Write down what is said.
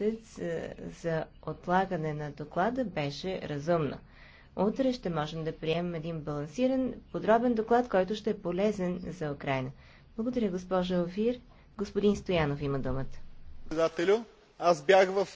месец е, за отлагане на доклада беше разумно. Утре ще можем да приемем един балансиран, подробен доклад, който ще е полезен за Украина. Благодаря, госпожа Офир. Господин Стоянов има думата. аз бях в